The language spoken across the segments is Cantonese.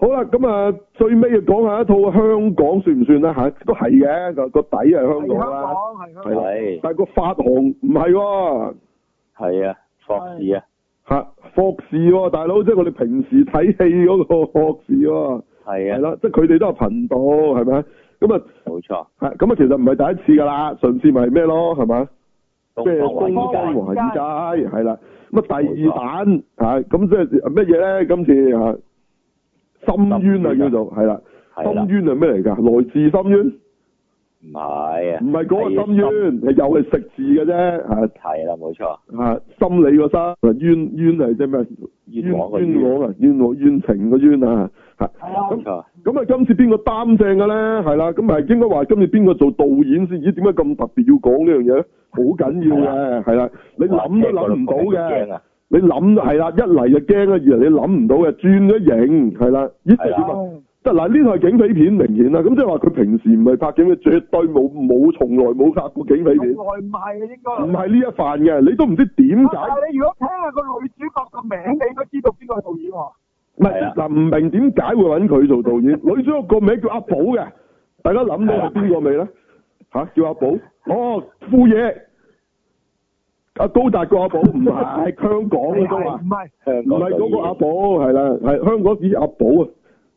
好啦，咁啊，最尾要講下一套香港算唔算啦？吓，都係嘅個底係香港啦，係，但係個發行唔係喎，係啊，霍士啊，吓，霍士啊，大佬，即係我哋平時睇戲嗰個霍士喎，係啊，係啦，即係佢哋都係頻道，係咪？咁啊，冇錯，咁啊，其實唔係第一次噶啦，上次咪咩咯，係咪？即係東方華爾街，係啦，咁啊第二彈，吓，咁即係乜嘢咧？今次吓？深淵啊，叫做係啦，深淵係咩嚟噶？來自深淵？唔係啊，唔係嗰個深淵，係又係食字嘅啫。係係啦，冇錯，啊。心理個心冤冤係即咩？冤，冤枉冤，冤，冤，冤，冤，冤，冤，冤啊，冤枉，冤情個冤啊。係啊，咁咁啊，今次邊個擔正嘅咧？係啦，咁咪應該話今次邊個做導演先？咦，點解咁特別要講呢樣嘢咧？好緊要嘅，係啦，你諗都諗唔到嘅。你諗係啦，一嚟，就驚啊，二嚟你諗唔到嘅，轉咗型係啦。呢出片啊，即係呢套警匪片明顯啦，咁即係話佢平時唔係拍警匪，絕對冇冇從來冇拍過警匪片。從來唔係啊，應該唔係呢一範嘅，你都唔知點解、啊。但你如果聽下個女主角個名，你應該知道邊個係導演喎、啊。唔係嗱，唔、啊、明點解會揾佢做導演？ 女主角個名叫阿寶嘅，大家諗到係邊個未咧？嚇、啊啊，叫阿寶。 哦，富野。阿高達個阿寶唔係 香港啊，都唔係，唔係嗰個阿寶，係啦，係香港隻阿寶啊，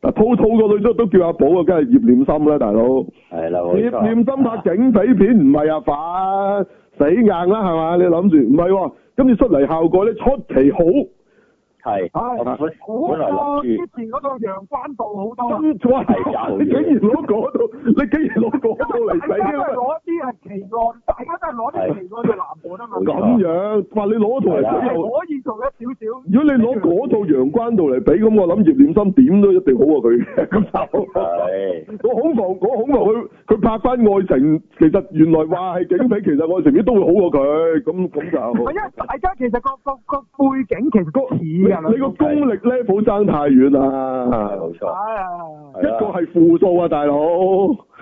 嗱，套套個女都都叫阿寶啊，梗係葉念琛啦，大佬，葉念琛拍警匪片唔係 啊反死硬啦，係嘛？你諗住唔係喎，跟住出嚟效果咧，出奇好。係、嗯，我我之前嗰套《陽關道》好多，咁真係你竟然攞嗰套，你竟然攞嗰套嚟比，因為攞啲係奇案， 大家都係攞啲奇案嘅男模啊嘛。咁 樣，話你攞嗰套嚟可以做一少少。如果你攞嗰套《陽關道》嚟比，咁 我諗葉念琛點都一定好過佢，咁就， 我恐防慌，我恐房，佢佢拍翻愛情，其實原來話係警匪， 其實愛情亦都會好過佢，咁咁 就。唔因為大家其實個個個,個背景其實都 你個功力咧，唔好爭太遠啊！冇錯，一個係負數啊，大佬。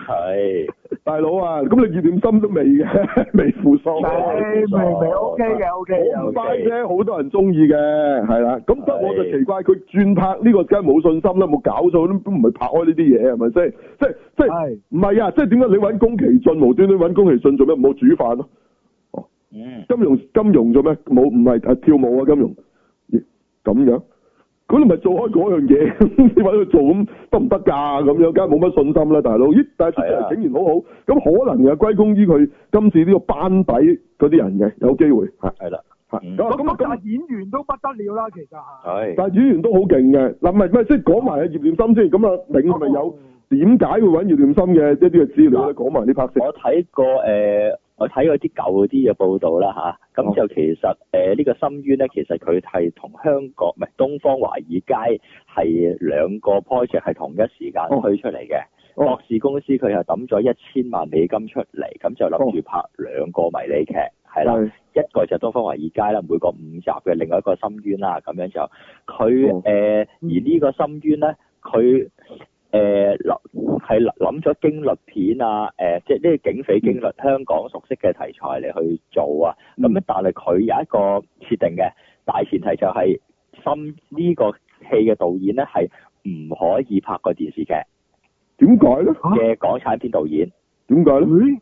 係，大佬啊，咁你熱點心都未嘅，未負數、啊。係，未未 OK 嘅，OK 嘅。啫、okay，好多人中意嘅，係、okay、啦。咁、okay、得、嗯、我就奇怪，佢轉拍呢、這個真係冇信心啦，冇搞錯都唔係拍開呢啲嘢係咪先？即即唔係啊！即點解你揾宮崎駿，無端端揾宮崎駿做咩？冇煮飯咯、啊哦嗯，金融金融做咩？冇唔係啊，跳舞啊，金融。咁樣，佢都唔係做開嗰樣嘢，你搵佢做咁得唔得噶？咁樣，梗係冇乜信心啦，大佬。咦，但係出嚟竟然好好，咁可能嘅歸功於佢今次呢個班底嗰啲人嘅，有機會。係係啦，咁咁但演員都不得了啦，其實。係。但係演員都好勁嘅，嗱唔係唔係，即係講埋葉念琛先，咁啊銘係咪有點解會搵葉念琛嘅一啲嘅資料咧？講埋啲拍攝。我睇過誒。呃我睇過啲舊啲嘅報道啦吓，咁就其實誒呢、呃呢個深淵咧，其實佢係同香港唔係東方華爾街係兩個 project 係同一時間推出嚟嘅。霍、哦、士、哦、公司佢係抌咗一千萬美金出嚟，咁就諗住拍兩個迷你劇，係、哦、啦，一個就係東方華爾街啦，每個五集嘅，另外一個深淵啦，咁樣就佢誒、哦呃嗯、而呢個深淵咧，佢。誒、呃，諗係諗咗驚慄片啊，誒、呃，即係呢個警匪驚慄香港熟悉嘅題材嚟去做啊。咁、嗯、但係佢有一個設定嘅大前提就係、是，心呢個戲嘅導演咧係唔可以拍個電視劇，點解咧？嘅港產片導演，點解咧？啊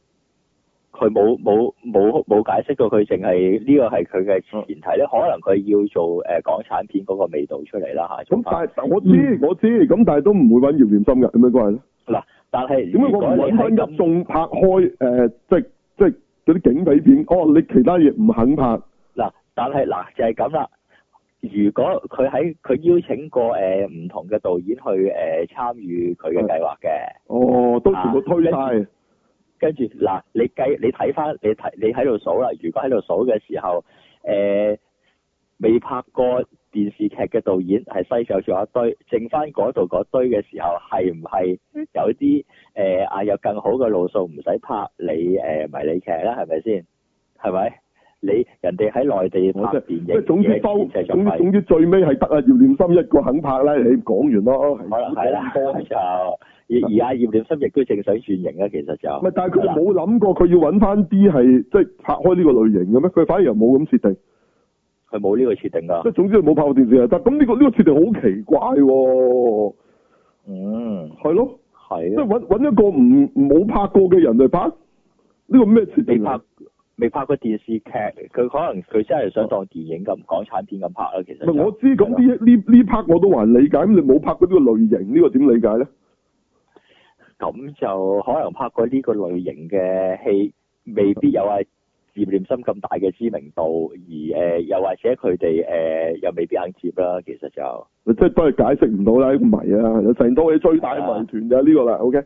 佢冇冇冇冇解釋過佢，佢淨係呢個係佢嘅前提咧、嗯。可能佢要做誒、呃、港產片嗰個味道出嚟啦嚇。咁、啊、但係、啊、我知道、嗯、我知，咁但係都唔會揾葉念琛嘅咁樣關係咧。嗱，但係點解我唔揾入眾拍開誒、呃，即係即係嗰啲警匪片？哦，你其他嘢唔肯拍。嗱、啊，但係嗱、啊、就係咁啦。如果佢喺佢邀請過誒唔、呃、同嘅導演去誒、呃、參與佢嘅計劃嘅，哦，啊、都全部推晒。啊跟住嗱，你計你睇翻你睇你喺度數啦。如果喺度數嘅時候，未、呃、拍過電視劇嘅導演係剩就住一堆，剩翻嗰度嗰堆嘅時候，係唔係有啲誒啊，有更好嘅路數唔使拍你誒、呃、迷你劇啦？係咪先？係咪？你人哋喺內地拍電影，即係總之都總，總，總之最尾係得啊！葉念心一個肯拍啦，你講完咯。係啦，而而家葉念心亦都正想轉型啊，其實就唔係，但係佢冇諗過佢要揾翻啲係即係拍開呢個類型嘅咩？佢反而又冇咁設定，係冇呢個設定㗎。即係總之佢冇拍過電視啊！但咁、呢、呢個呢、呢個設定好奇怪喎、哦。嗯，係咯，係即係揾一個唔冇拍過嘅人去拍呢、呢個咩設定啊？未拍過電視劇，佢可能佢真係想當電影咁、啊、港產片咁拍啦。其實我知道，咁呢呢呢 part 我都還理解。咁、嗯、你冇拍過呢個類型，呢、呢個點理解咧？咁就可能拍過呢個類型嘅戲，未必有係葉念琛咁大嘅知名度，而誒、呃、又或者佢哋誒又未必肯接啦。其實就、嗯、即係都係解釋唔到啦，唔謎啦，成套嘢最大嘅謎團就係呢個啦。OK。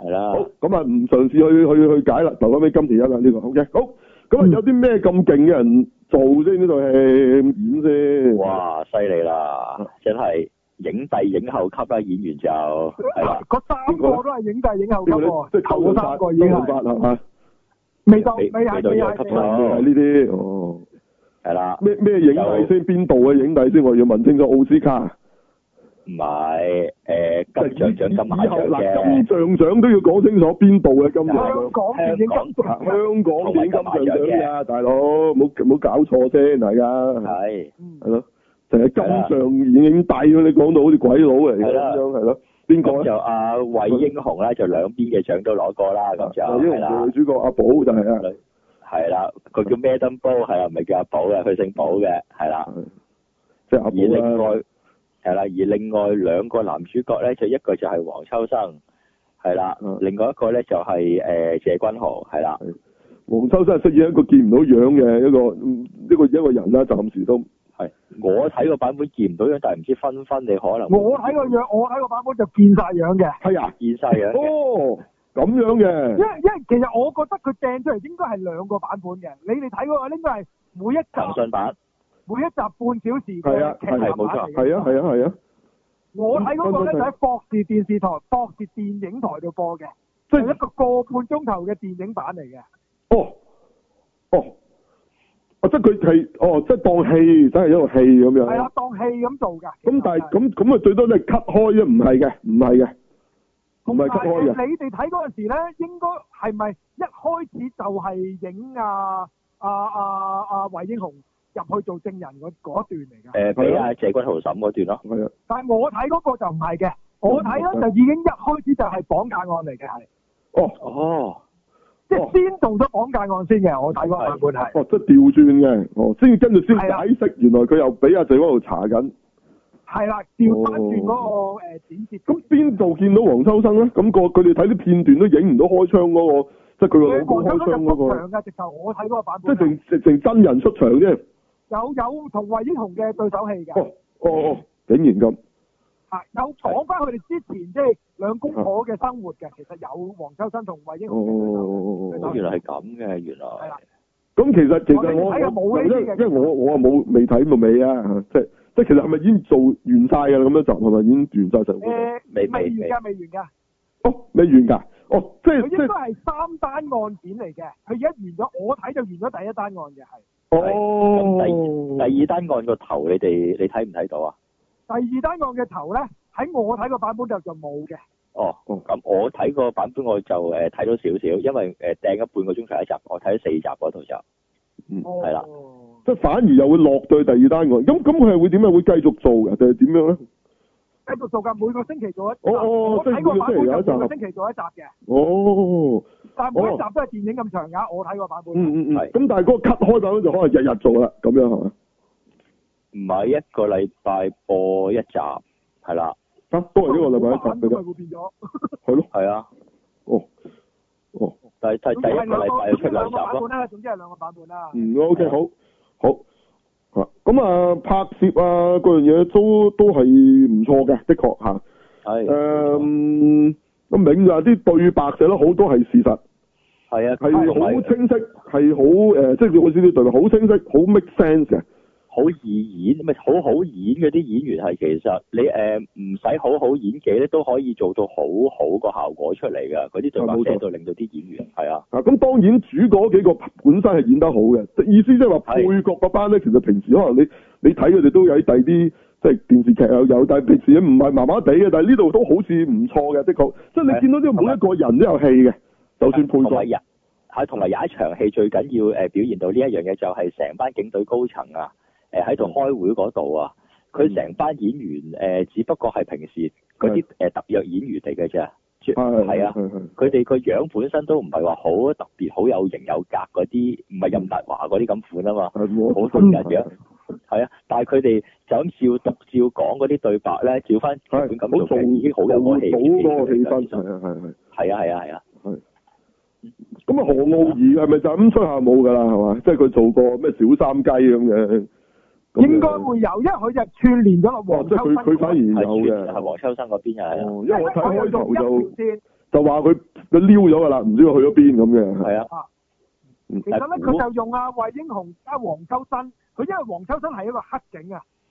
係啦，好咁啊，唔嘗試去去去解啦，留翻俾金田一啦呢個。Okay, 好嘅，好咁啊，有啲咩咁勁嘅人做先呢套戲演先？哇，犀利啦，真係影帝影后級啦，演員就係啦，嗰、那個、三個都係影帝影后級喎，頭、即係、三個影后。頭係嘛？未到，未喺，未呢啲，哦，係啦。咩咩、啊、影帝先？邊度嘅影帝先？我要問清楚奧斯卡。啊唔係，誒、呃、金像獎今日金像獎都要講清楚邊部嘅金像獎。香港電影金，金，金、啊、金，金像，香港金啊，大佬、啊，唔好搞錯先，大家係係咯，就係金像影帝咯，你講到好似鬼佬嚟咁樣，係咯，邊個咧？就惠英紅咧，就兩邊嘅獎都攞過啦，咁就係啦。女主角阿寶就係啦，係啦，佢叫咩 Madam 寶，係啊，唔係叫阿寶嘅，佢姓寶嘅，係、啊、啦，即係阿寶。係啦，而另外兩個男主角咧，就一個就係黃秋生，係啦、嗯，另外一個咧就係、是、誒、呃、謝君豪，係啦。黃秋生係出現一個見唔到樣嘅一個一個一個人啦、啊，暫時都係。我睇個版本見唔到樣，但係唔知分分你可能。我睇個樣，我睇個版本就見晒樣嘅。係、哎、啊，見晒啊。 哦，咁樣嘅。因為因為其實我覺得佢掟出嚟應該係兩個版本嘅，你哋睇嗰個應該係每一集。騰訊版。每一集半小時嘅劇集版嚟嘅，係啊係啊，冇錯，係啊係啊係啊，啊。我睇嗰個咧就喺博士電視台、啊啊、博士電影台度播嘅，即係一個一個半鐘頭嘅電影版嚟嘅。哦，哦，啊，即係佢係，哦，即係當戲，真係一個戲咁樣。係啦、啊，當戲咁做嘅。咁但係咁咁啊，就係、最多都係 cut 開啊，唔係嘅，唔係嘅。唔係 cut 開嘅。咁但你哋睇嗰陣時咧，應該係咪一開始就係影啊？啊啊啊，魏、啊啊、英雄？入去做證人嗰段嚟嘅，誒，俾阿謝君豪審嗰段咯、啊。但係我睇嗰個就唔係嘅，我睇咧就已經一開始就係綁架案嚟嘅係。哦哦，即係先做咗綁架案先嘅，我睇嗰個版本係。哦，即係調轉嘅，哦，先、哦、跟住先解釋，原來佢又俾阿謝君豪查緊。係啦，調翻轉嗰個誒剪接。咁邊度見到黃秋生咧？咁個佢哋睇啲片段都影唔到開槍嗰、那個，即係佢個老公開槍嗰、那個。咁有冇直頭我睇個版本。即係成成真人出場啫。有有同惠英紅嘅對手戲嘅，哦，竟然咁，啊，有講翻佢哋之前即係兩公婆嘅生活嘅，其實有黃秋生同惠英紅嘅對手戲，哦哦哦哦哦，原來係咁嘅，原來係啦，咁其實其實我我即係即係我我啊冇未睇到尾啊，即即係其實係咪已經做完晒嘅啦？咁樣集係咪已經完晒成？誒，未未完噶，未完噶，哦，未完噶，哦，即係應該係三單案件嚟嘅，佢而家完咗，我睇就完咗第一單案嘅係。哦、oh.，咁第二第二單案個頭你哋你睇唔睇到啊？第二單案嘅頭咧，喺我睇個版本就就冇嘅。哦，咁我睇個版本我就誒睇咗少少，因為誒訂咗半個鐘頭一集，我睇咗四集嗰套就，嗯、oh. 係啦，即係反而又會落到第二單案，咁咁佢係會點樣啊？會繼續做嘅定係點樣咧？喺度做噶，每個星期做一集。哦我睇、哦、過版本就每個星期做一集嘅、哦哦。哦。但係每一集都係電影咁長噶、哦，我睇過版本。嗯嗯嗯。咁但係嗰個 cut 開頭就可能日日做啦，咁樣係咪？唔係一個禮拜播一集，係啦。不過呢個禮拜一集。版本會變咗。係咯，係 啊對了 哦。哦。第第第一個禮拜出兩集咯。總之係兩個版本啦、啊啊。嗯，OK，好，好。吓、嗯、咁啊拍攝啊嗰樣嘢都都係唔錯嘅，的確吓係誒，咁、嗯嗯、另外啲對白者咧好多係事實係啊，係、啊呃就是、好對清晰，係好誒，即係我先啲對白好清晰，好 make sense 嘅。好易演咪好好演嗰啲，演員係，其實你誒唔使，好好演技咧，都可以做到好好個效果出嚟噶嗰啲，就冇錯到令到啲演員係啊。咁當然主角嗰幾個本身係演得好嘅，意思即係話配角嗰班咧，其實平時可能你你睇佢哋，都有第啲即係電視劇又有，但係平時唔係麻麻地嘅，但係呢度都好似唔錯嘅，的確即係你見到呢個每一個人都有戲嘅，就算配角吓，同埋有一場戲最緊要誒表現到呢一樣嘢就係成班警隊高層啊。誒、呃，喺度開會嗰度啊！佢、嗯、成班演員誒、呃，只不過係平時嗰啲誒特約演員嚟嘅啫，係啊。佢哋個樣本身都唔係話好特別，好有型有格嗰啲，唔係任達華嗰啲咁款啊嘛，好普通嘅樣。係啊，啊，但係佢哋就咁照讀照講嗰啲對白咧，照翻原本咁做嘅，已經好有氣氛。係啊係啊係啊。咁啊，嗯嗯、那何傲兒係咪就咁出下舞噶啦？係嘛，即係佢做過咩小三雞咁嘅。應該會有，因為佢就串連咗落黃秋生嗰邊，係、哦、黃秋生嗰邊又係，因為我睇開頭就就話佢佢溜咗噶啦，唔知佢去咗邊咁樣，係啊、嗯，其實咧佢就用阿衛英雄加黃秋生，佢因為黃秋生係一個黑警啊。話佢殺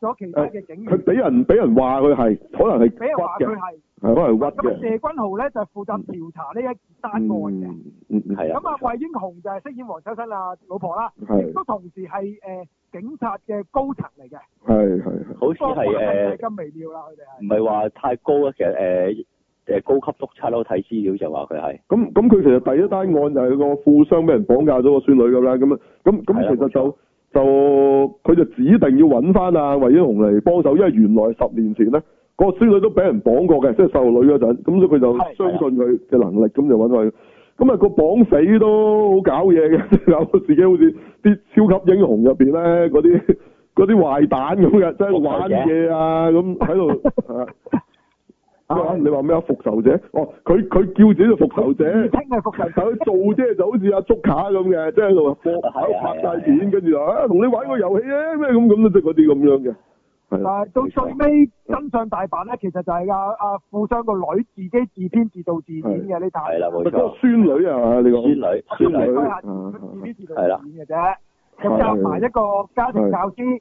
咗其他嘅警員，佢俾、呃、人俾人話佢係可能係話佢係可能屈咁。謝君豪咧就負、是、責調查呢一單案嘅，係、嗯嗯、啊。咁啊惠英紅就係飾演黃秋生啊老婆啦，係亦都同時係誒、呃、警察嘅高層嚟嘅，係係好似係誒，唔係話太高啊，其實誒誒、呃、高級督察咯，睇資料就話佢係。咁咁佢其實第一單案就係個富商俾人綁架咗個孫女咁啦，咁啊咁咁其實就。就佢就指定要揾翻啊，惠英紅嚟幫手，因為原來十年前咧，個孫女都俾人綁過嘅，即係受女嗰陣，咁所以佢就相信佢嘅能力，咁就揾佢。咁、那、啊個綁死都好搞嘢嘅，有 自己好似啲超級英雄入面咧嗰啲嗰啲壞蛋咁嘅，即係玩嘢啊咁喺度。那你話咩啊？復仇者哦，佢佢叫自己做復仇者，聽係復仇者，佢做啫，就好似阿竹卡咁嘅，即係喺度搏喺拍曬片，跟住啊同你玩個遊戲咧咩咁咁都即嗰啲咁樣嘅。到最尾真相大白咧，其實就係阿阿富商個女自己自編自導自演嘅呢單。係啦，冇錯。嗰個、孫女啊，你講。孫女。孫女。啊孫女啊、自自夾埋一個家庭教師。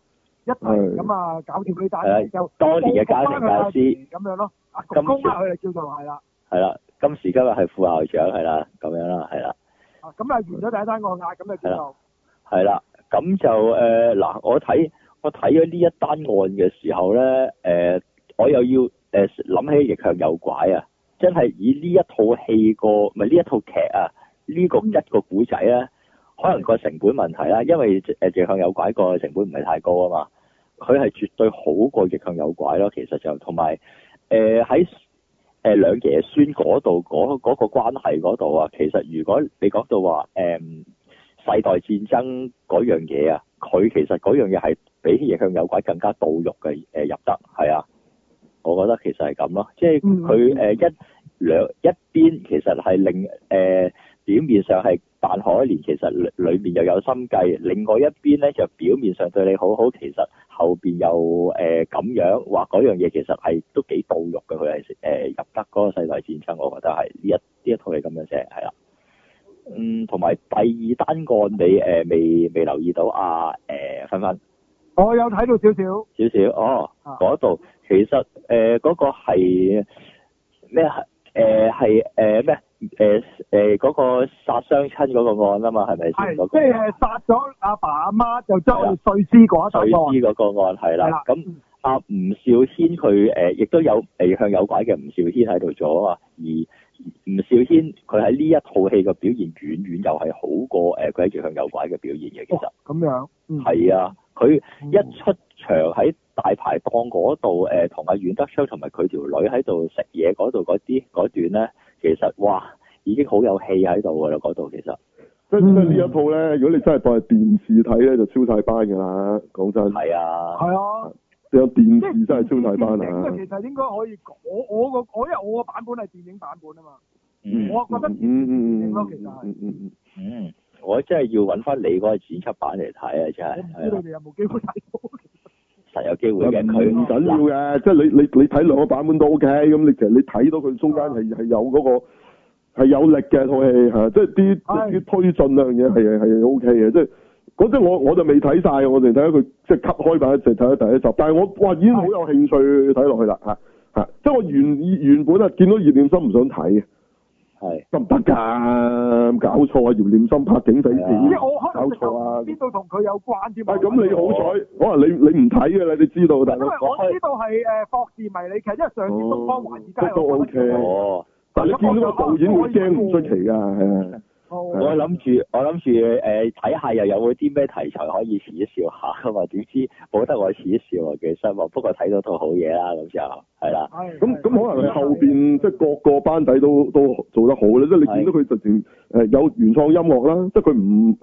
咁啊，搞掂女大師多年嘅家庭教師咁樣咯。咁金佢就叫做係啦，係啦，今時今日係副校長係啦，咁樣啦，係啦。咁、嗯、啊完咗第一單案咁就係啦，係啦，咁就誒嗱、呃，我睇我睇咗呢一單案嘅時候咧，誒、呃，我又要誒諗、呃、起《逆向有拐》啊，真係以呢一套戲個唔係呢一套劇啊，呢、這個一個古仔咧，可能個成本問題啦、啊，因為誒《逆向有拐》個成本唔係太高啊嘛。佢係絕對好過逆向有鬼》咯。其實就同埋誒喺誒兩爺孫嗰度嗰嗰個關係嗰度啊，其實如果你講到話誒、呃、世代戰爭嗰樣嘢啊，佢其實嗰樣嘢係比逆向有鬼》更加盜辱嘅入得係啊。我覺得其實係咁咯，即係佢一兩一邊其實係令誒。呃表面上係扮可憐，其實裏面又有心計。另外一邊咧，就表面上對你好好，其實後邊又誒咁、呃、樣話嗰樣嘢，其實係都幾墮辱嘅。佢係誒入得嗰個世代戰爭，我覺得係呢一呢一套係咁樣寫，係啦。嗯，同埋第二單案，你誒未未留意到啊？誒、呃，芬芬，我有睇到少少，少少哦。嗰、啊、度其實誒嗰、呃，那個係咩？誒係誒咩？呃誒誒，嗰個殺雙親嗰個案啊嘛，係咪係即係殺咗阿爸阿媽，就將佢碎屍嗰一個案係啦。咁阿、嗯啊、吳肇軒佢誒，亦、呃、都有誒、呃、向右拐嘅吳肇軒喺度做啊。而吳肇軒佢喺呢一套戲嘅表現，遠遠又係好過誒佢喺《住、呃、向右拐》嘅表現嘅。其實咁、哦、樣，係、嗯、啊，佢一出場喺、嗯、大排檔嗰度，誒、呃，同阿阮德鏘同埋佢條女喺度食嘢嗰度嗰啲段咧。其實哇，已經好有戲喺度噶啦，嗰度其實，嗯、即係呢一套咧，如果你真係放喺電視睇咧，就超晒班噶啦，講真。係啊。係啊。有電視真係超晒班啊。其實應該可以，我我個我因為我個版本係電影版本啊嘛、嗯，我覺得嗯嗯嗯，應該其實嗯嗯嗯我真係要揾翻你嗰個剪輯版嚟睇啊，真係，你哋有冇機會睇到？ 實有機會嘅，唔唔緊要嘅、啊，即係你你你睇兩個版本都 O K，咁你其實你睇到佢中間係係有嗰、那個係有力嘅套戲，即係啲啲推進啊樣嘢，係係 O K 嘅，即係嗰、哎 OK、即、那個、我我就未睇晒，我淨睇咗佢即係吸開版，淨睇咗第一集，但係我我已經好有興趣睇落去啦吓吓，即係我原原本啊見到葉念心唔想睇嘅。係，得唔得噶，搞錯啊！葉念琛拍警匪片，啊啊，搞錯啊！邊度同佢有關啫？係咁你好彩，可、哦、能你你唔睇啊！你你知道，但係我知道係誒、哦、霍士迷你劇，因為上次東方華爾街而家都 okay，哦。OK，但係你，嗯、你見到個導演會驚唔出奇㗎。我諗住，我諗住誒睇下又有冇啲咩題材可以試一笑下噶嘛？點知冇得我試一笑，我幾失望。不過睇到套好嘢啦，咁就係啦。咁咁可能後邊即係各個班底都都做得好啦，即係你見到佢實情誒有原創音樂啦，即係佢唔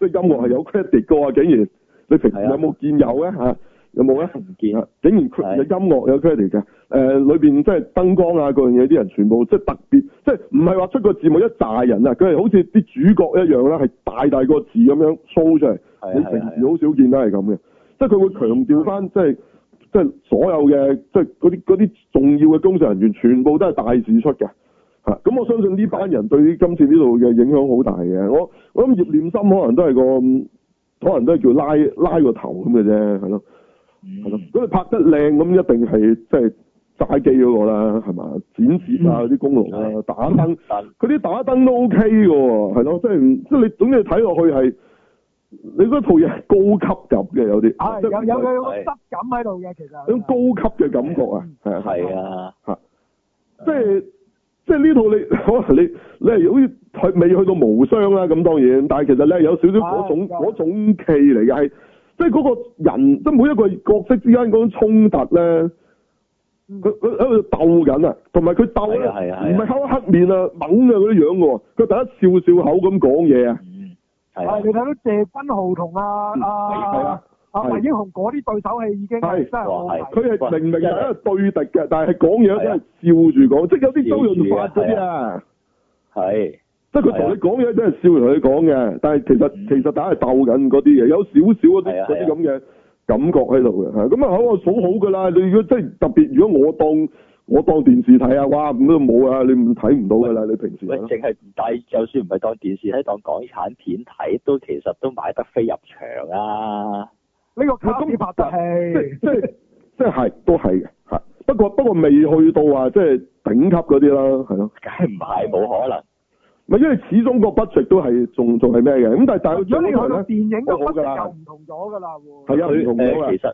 即係音樂係有 credit 個啊，竟然你平時有冇見有咧吓？有冇咧？唔見啦、啊！竟然有音樂有 credit 嘅誒，裏、呃、面即係燈光啊，嗰樣嘢啲人全部即係特別，即係唔係話出個字幕一紮人啊？佢係好似啲主角一樣啦，係大大個字咁樣 show 出嚟。係你平時好少見都係咁嘅，即係佢會強調翻、就是，即係即係所有嘅即係嗰啲嗰啲重要嘅工作人員，全部都係大字出嘅咁、啊、我相信呢班人對今次呢度嘅影響好大嘅。我我諗葉念心可能都係個可能都係叫拉拉個頭咁嘅啫，咯。係、嗯、咯，如果你拍得靚，咁一定係即係揸機嗰個啦，係嘛？剪接、嗯 OK 就是、啊，啲功能啊，打燈，佢啲打燈都 O K 喎，係咯，即係即係你，總之睇落去係你嗰套嘢係高級入嘅，有啲係有有有質感喺度嘅，其實有種高級嘅感覺啊，係啊，吓、就是，即係即係呢套你可能 你你係好似未去到無雙啦，咁當然，但係其實你有少少嗰種嗰、啊、種氣嚟嘅係。 即係嗰個人，即係每一個角色之間嗰種衝突咧，佢佢喺度鬥緊啊，同埋佢鬥咧，唔係黑黑面啊，懵嘅嗰啲樣喎。佢第一笑笑口咁講嘢啊。係你睇到謝君豪同啊，啊，惠英紅嗰啲對手戲已經係真係佢係明明係喺度對敵嘅，但係講嘢都係笑住講，即係有啲周潤發啲啊。係、啊。即係佢同你講嘢，真係笑同你講嘅，但係其實其實大家係鬥緊嗰啲嘢，有少少嗰啲啲咁嘅感覺喺度嘅嚇。咁啊好啊，啊的數好噶啦。你如果即係特別，如果我當我當電視睇啊，哇咁都冇啊，你唔睇唔到噶啦。你平時喂淨係帶就算唔係當電視睇，當港產片睇都其實都買得飛入場啊。呢個卡片拍得係即係即係即係係都係嚇，不過不過未去到話即係頂級嗰啲啦，係咯，梗係唔係冇可能。因為始終個 budget 都係仲仲係咩嘅，咁但係但係如果你睇到電影嘅 budget 就唔同咗㗎啦喎。係、嗯、啊，唔同其實，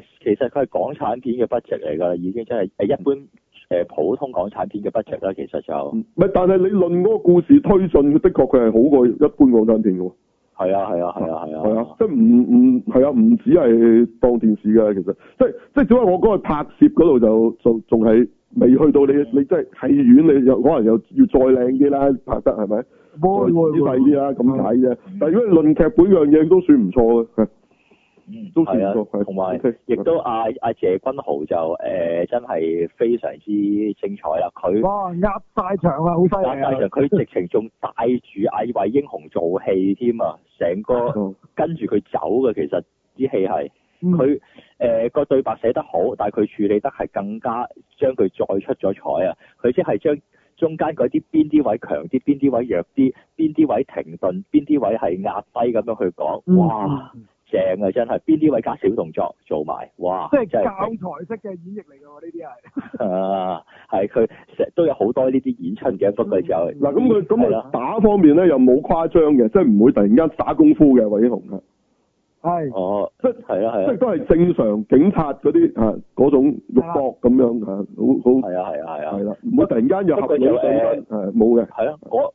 其其實佢係港產片嘅 budget 嚟㗎啦，已經真係誒一般誒普通港產片嘅 budget 啦，其實就咪、so, 但係你論嗰個故事推進，的確佢係好過一般港產片嘅喎。係啊，係啊，係啊，係啊。係啊，即係唔唔係啊？唔止係當電視㗎，其實即係即係，只係我嗰個拍攝嗰度就仲仲係。未去到你，嗯、你真係戲院，你又可能又要再靚啲啦，拍得係咪？唔好啲細啲啦，咁解啫。但係如果論劇本樣嘢，都算唔錯嘅。嗯，都算唔錯。同、嗯、埋，亦、okay, 都阿、啊、阿、嗯啊、謝君豪就誒、呃，真係非常之精彩啦。佢哇壓大場啊，好犀利啊！壓大場，佢直情仲帶住《矮位英雄戲》做戲添啊，成、嗯、個跟住佢走嘅，其實啲戲係。佢、嗯、誒、呃，那個對白寫得好，但佢處理得係更加將佢再出咗彩啊！佢即係將中間嗰啲邊啲位強啲，邊啲位弱啲，邊啲位停頓，邊啲位係壓低咁樣去講，哇、嗯！正啊，真係邊啲位加小動作做埋，哇！即係教材式嘅演繹嚟㗎喎，呢啲係啊，係佢成日都有好多呢啲演出嘅。不過就嗱咁佢咁打方面咧又冇誇張嘅，即係唔會突然間打功夫嘅，魏 啓哦，即係係啊,啊，即係都係正常警察嗰啲嚇嗰種肉搏咁樣好好係啊係啊係啊，唔、啊啊啊啊啊啊、會突然間合、呃啊、有合併冇嘅，係啊,啊，我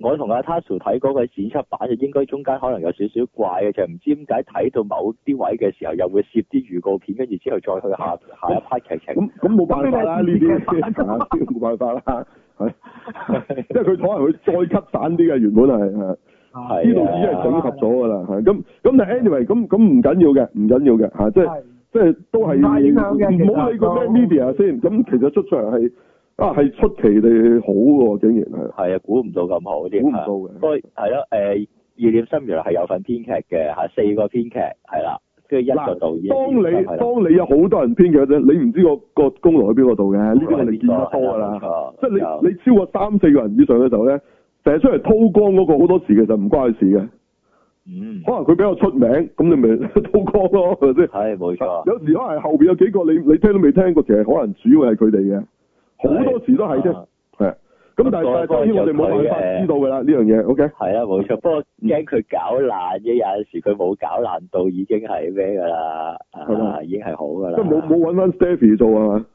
我同阿 Tasuku 睇嗰個剪輯版就應,應該中間可能有少少怪嘅，就係、是、唔知點解睇到某啲位嘅時候又會攝啲預告片，跟住之後再去下、啊、下一批劇情。咁咁冇辦法啦，呢啲冇辦法啦，係、啊，即係佢可能佢再吸散啲嘅原本係係。呢度已經係整合咗㗎啦，咁咁、啊啊啊，Anyway，咁咁唔緊要嘅，唔緊要嘅，即係即係都係唔好理個咩 media 先，咁其，其，其實出場係啊係出奇地好喎，竟然係啊，估唔到咁好啲，估唔到嘅，係、啊、咯，誒、呃、二點三原來係有份編劇嘅，係四個編劇係啦，跟住一個導演。當當你當你有好多人編劇嘅，你唔知個個功勞喺邊個度嘅，呢個你見得多㗎啦，即係你你超過三四個人以上嘅時候咧。成日出嚟偷光嗰個好多時其實唔關佢事嘅，嗯，可能佢比較出名，咁你咪偷光咯係咪先？係冇錯，有時可能後邊有幾個你你聽都未聽過，其實可能主要係佢哋嘅，好多時都係啫，係咁，但係當然我哋冇辦法知道㗎啦呢樣嘢，OK？係啊冇錯，不過驚佢搞爛啫、嗯，有陣時佢冇搞爛到已經係咩㗎啦，係啦、啊、已經係好㗎啦，即冇冇揾翻 Stephy 做啊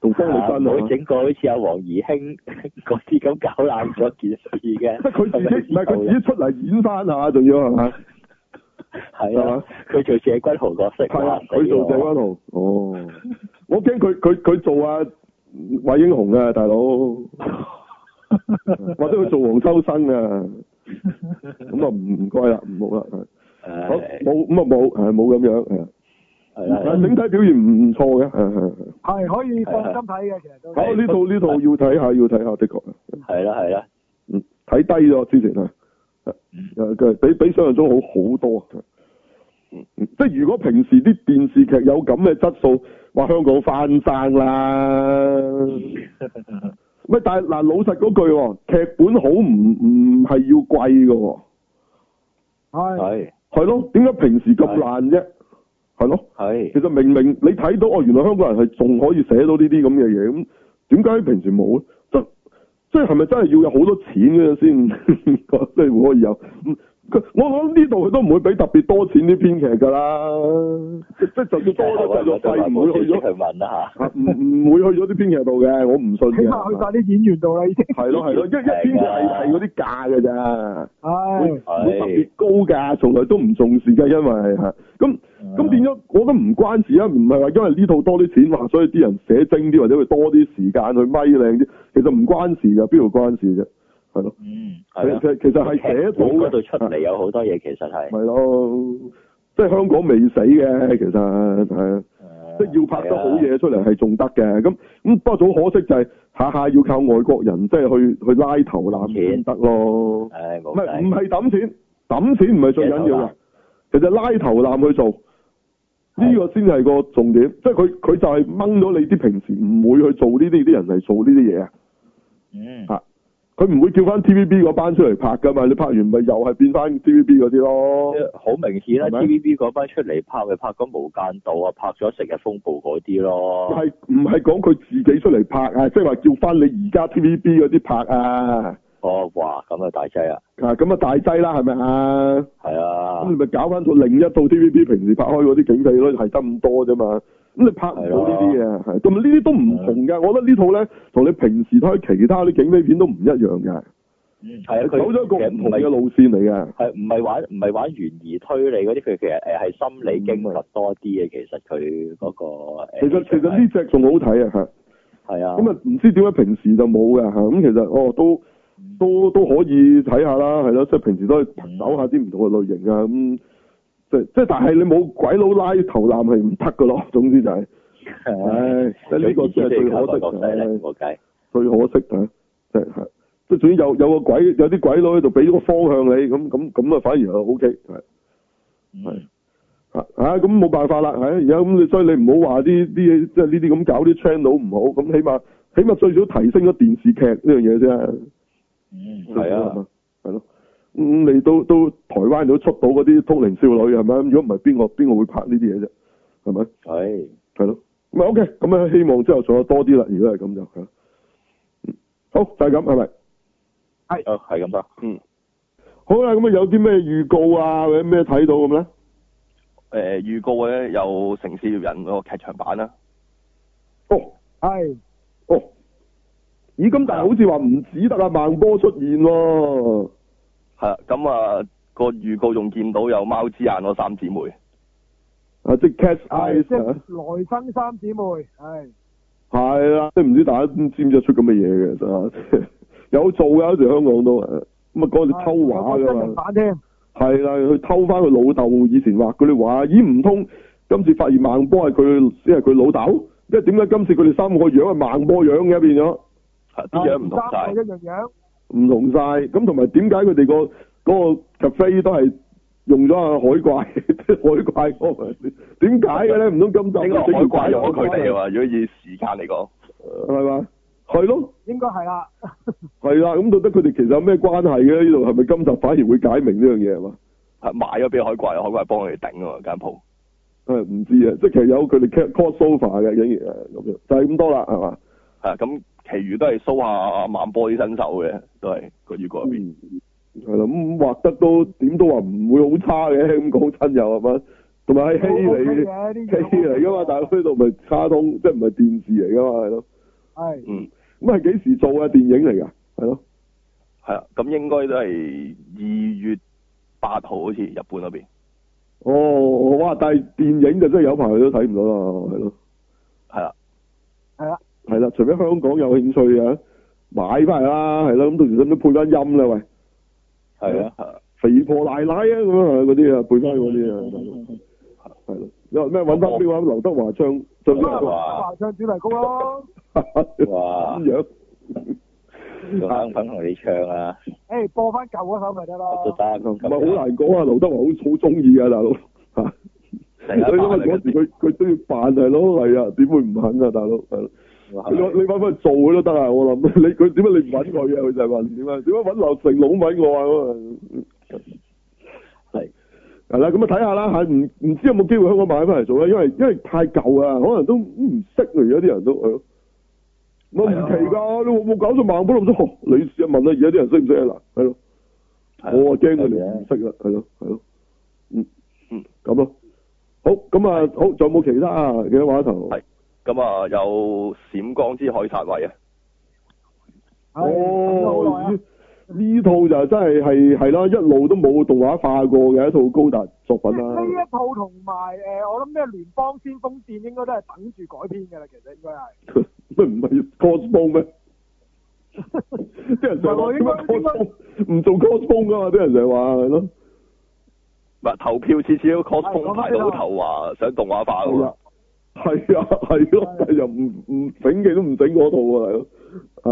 同生嚟瞓，冇、啊、整過好似阿黃怡興嗰啲咁搞爛咗件事嘅。唔係佢自己出嚟演翻下，仲要係咪？係啊，佢、 啊、做謝君豪角色。係啊，佢、啊、做謝君豪。哦，我驚佢佢佢做阿、啊、韋英雄啊，大佬， 或者佢做黃秋生啊，咁啊唔唔該啦，唔好啦，冇咁啊冇啊冇咁樣。係整體表現唔錯嘅，係可以放心睇嘅。其實都好，呢套呢套要睇下，要睇下的確。係啦係啦，睇、嗯、低咗之前啊，誒、嗯、誒，比比想象中好好多。嗯，嗯即係如果平時啲電視劇有咁嘅質素，話香港翻生啦。喂、嗯， 但係嗱，老實嗰句，劇本好唔唔係要貴㗎，係係係咯？點解平時咁爛啫？係咯，其實明明你睇到哦，原來香港人係仲可以寫到呢啲咁嘅嘢，咁點解平時冇咧？即即係咪真係要有好多錢嘅先即係會可以有？我我諗呢度佢都唔會俾特別多錢啲編劇噶啦，即係就要多咗製作費唔會去咗，唔唔會去咗啲編劇度嘅，我唔信。起碼去晒啲演員度啦已經。係咯係咯，一一編劇係係嗰啲價噶咋，唔特別高價，從來都唔重視噶，因為吓咁咁變咗我覺得唔關事啊，唔係話因為呢套多啲錢話，所以啲人寫精啲或者會多啲時間去咪靚啲，其實唔關事噶，邊度關事啫？係咯，嗯，係其實其實係寫到度出嚟有好多嘢，其實係，係咯，即係香港未死嘅，其實係，即係，嗯，要拍得好嘢出嚟係仲得嘅，咁咁，啊，不過好可惜就係下下要靠外國人，即係去去拉頭攬錢得咯，唔係唔係抌錢，抌錢唔係最緊要啊。其實拉頭攬去做呢個先係個重點，啊，即係佢佢就係掹咗你啲平時唔會去做呢啲啲人嚟做呢啲嘢啊，嗯，吓。佢唔會叫翻 T V B 嗰班出嚟拍噶嘛？你拍完咪又係變翻 T V B 嗰啲咯。好明顯啦，啊，T V B 嗰班出嚟拍咪拍咗《無間道》啊，拍咗《成日風暴》嗰啲咯。係唔係講佢自己出嚟拍，就是，拍啊？即係話叫翻你而家 T V B 嗰啲拍啊？哇，咁啊大劑啊！啊，咁啊大劑啦，係咪啊？係啊。咁咪搞翻到另一套 T V B 平時拍開嗰啲警匪咯，係得咁多啫嘛。咁你拍唔到呢啲嘢，係、啊、同埋呢啲都唔同嘅。我覺得這套呢套咧，同你平時睇其他啲警匪片都唔一樣嘅，係、啊、走咗一個唔同嘅路線嚟嘅。係唔係玩唔係玩懸疑推理嗰啲？佢其實誒係心理驚悚多啲嘅。其實佢嗰、嗯那個……其實、就是啊、其實呢隻仲好睇啊！嚇，係啊。咁啊，唔知點解平時就冇嘅嚇。咁、啊、其實哦，都、嗯、都都可以睇下啦，係咯、啊。即、就、係、是、平時都係走下啲唔同嘅類型啊咁。嗯嗯即即但係你冇鬼佬拉頭纜係唔得噶咯，總之就係、是，唉、嗯，即、哎、呢個最可惜嘅、哎哎，最可惜啊，即係即係，即係總之有有個鬼有啲鬼佬喺度俾咗個方向你，咁咁咁啊反而係 O K 係係吓咁冇辦法啦，係而家咁你所以你唔好話啲啲即係呢啲咁搞啲 channel 唔好，咁起碼起碼最少提升咗電視劇呢樣嘢啫，嗯係、嗯、啊係咯。嗯，你都都台灣都出到嗰啲通靈少女係咪？如果唔係邊個邊個會拍呢啲嘢啫？係咪？係係咯。咪 OK，咁啊希望之後做得多啲啦。如果係咁就係啦。好就係咁係咪？係啊，係咁啦。嗯。好啦，咁、就、啊、是嗯、有啲咩預告啊或者咩睇到咁咧？呃，預告咧有《城市獵人》個劇場版啦、啊。哦，係。哦。咦？咁但係好似話唔止得阿孟波出現喎。咁 啊、嗯，那個預告仲見到有貓之眼嗰三姊妹，啊即係 Cat's Eye，即係來生三姊妹，係係啦，即係唔知大家知唔知出咁嘅嘢嘅，真、啊啊啊、有做噶嗰時香港都咁啊講住、啊嗯啊啊啊啊、偷畫噶嘛，係啦去偷翻佢老豆以前畫嗰啲畫，咦唔通今次發現孟波係佢即係佢老豆？因為點解今次佢哋三個樣係孟波樣嘅變咗，啲嘢唔同晒。啊唔同晒，咁，同埋點解佢哋個嗰個 cafe 都係用咗個海怪，海怪嗰個？點解嘅咧？唔通今集？應該海怪用咗佢哋係嘛？如果以時間嚟講，係嘛？係咯，應該係啦。係啦，咁到底佢哋其實有咩關係嘅？呢度係咪今集反而會解明呢樣嘢係嘛？係買咗俾海怪，海怪幫佢哋頂啊間鋪。係唔知啊，即係其實有佢哋 cast sofa 嘅咁樣，就係咁多啦，係嘛？係咁。其餘都係 show 下孟波啲新手嘅，都係嗰邊，係啦，咁畫得都點都話唔會好差嘅，咁講親友係嘛？同埋喺戲嚟嘅，戲嚟噶嘛？大佬呢度唔卡通，即係唔係電視嚟噶嘛？係咯，係，嗯，咁係幾時做嘅？電影嚟噶，係咯，係啊，咁應該都係二月八號好似日本嗰邊。哦，哇！但係電影就真係有排都睇唔到啦，係咯，係啦，係啦。係啦，除非香港有興趣啊，買翻嚟啦，係咯，咁到時都配翻音啦，喂。係啊。肥婆奶奶啊，咁啊嗰啲啊，配翻嗰啲啊，係咯。有咩揾得啲啊？劉德華唱。劉德華唱主題曲咯。哇。咁樣。又肯同你唱啊？誒，播翻舊嗰首咪得咯。都得。唔係好難講啊，劉德華好好中意噶，大佬嚇。啊。 所以嗰時佢佢都要扮係咯，係啊，點會唔肯啊，大佬。是是你你搵翻去做佢都得啊！我諗你佢點解你唔搵我嘅佢 就問點啊？點解搵劉成佬搵我啊？咁係係啦，咁啊睇下啦，係唔唔知有冇機會香港買翻嚟做咧？因為因為太舊啊，可能都唔識啊！而家啲人都係咯，我唔奇噶，你冇搞咗萬古咁多？盲不盲不盲 你試一問啊！而家啲人識唔識啊？嗱，係咯，我啊驚佢哋唔識啦，係咯係咯，嗯嗯，咁、嗯、咯，好咁啊，好仲有冇其他其他話題？咁啊，有閃光之凱薩衛啊！哦，呢、啊、套就真係係係啦，一路都冇動畫化過嘅一套高達作品啦、啊。呢一套同埋誒，我諗咩聯邦先鋒戰應該都係等住改編嘅啦，其實應該係。咩唔係 cos 武咩？啲 不是 人成日講 cos，唔做 cos 武啊嘛！啲人成日話係咯。唔投票，次次都 cos 武排到好頭，話想動畫化喎。係 啊，係咯，又唔唔整嘅都唔整嗰套啊，係咯啊，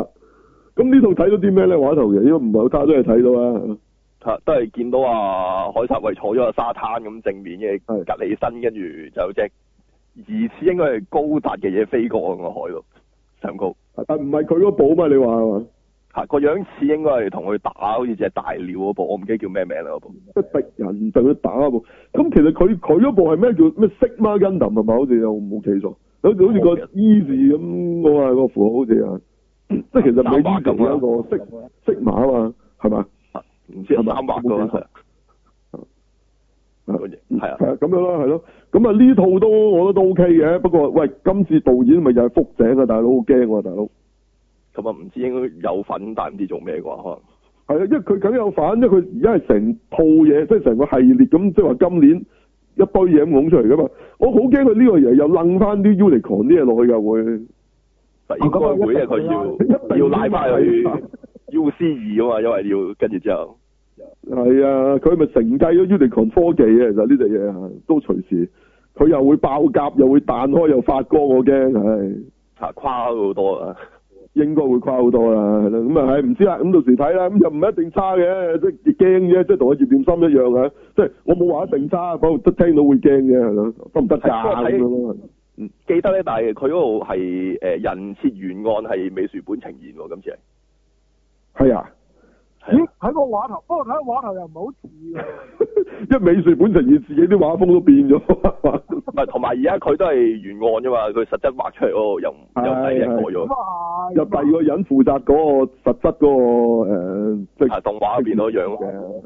咁呢套睇到啲咩咧？畫頭嘅，因為唔係好差都係睇到啊，吓都係見到啊，海莎維坐咗個沙灘咁正面嘅，隔離身跟住就有隻疑似應該係高達嘅嘢飛過個海度，上高、啊、但唔係佢個寶嘛？你話係嘛？個樣似應該係同佢打好似隻大鳥嗰部，我唔記得叫咩名啦嗰部。逼人就佢打嗰部，咁其實佢佢嗰部係咩叫咩，那個嗯、色馬恩林係咪？好似又冇記錯，好似好似個 E 字咁，我話個符號好似啊，即係其實美伊有一個色色馬啊，係咪？唔知係咪啱個啦，係啊，係啊，係啊，咁樣啦，係咯。咁啊呢套都我覺得都 OK 嘅，不過喂，今次導演咪又係福井啊，大佬，好驚啊大佬。咁啊，唔知應該有份，但唔知做咩啩。可能係啊，因為佢梗有份，因為佢而家係成套嘢，即係成個系列咁，即係話今年一堆嘢咁湧出嚟噶嘛。我好驚佢呢個又又掹翻啲 Unicorn 啲嘢落去又、啊、會，要、啊、應該會，會啊！佢要一定、啊、要拉翻嚟 U C 二啊、UC2、嘛，因為要跟住之後係啊，佢咪承繼咗 Unicorn 科技啊！其實呢隻嘢都隨時佢又會爆夾，又會彈開，又發光，我驚唉嚇跨好多啊！應該會誇好多啦，係咯，咁啊係唔知啦，咁到時睇啦，咁又唔一定差嘅，即係驚啫，即係同我葉念琛一樣啊，即係我冇話一定差，不過聽到會驚嘅。係咯，得唔得炸咁記得咧，但係佢嗰度係人設原案係美術本呈現喎，今次係係啊。喺喺個畫頭，不過睇畫頭又唔係好似因為美術本身自己啲畫風都變咗，係，同埋而家佢都係原案啫嘛，佢實質畫出嚟喎，個又又第一改咗，又第二個人負責嗰個實質嗰、那個誒，即、呃、係、啊就是、動畫面咗嗰樣嘅，